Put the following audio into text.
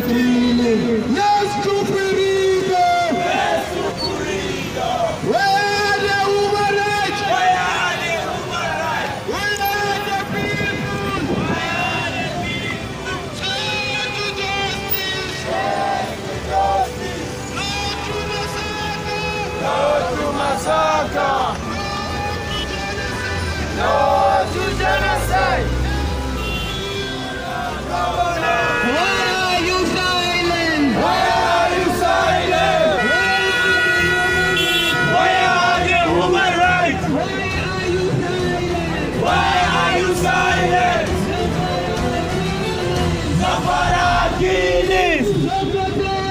tranquilli. Yes, Cupirito! Yes, Cupirito! We are the human rights! We are the human rights! We are the people! We are the people! Turn to justice! Yes, to justice! No to massacre! No to massacre! Guinness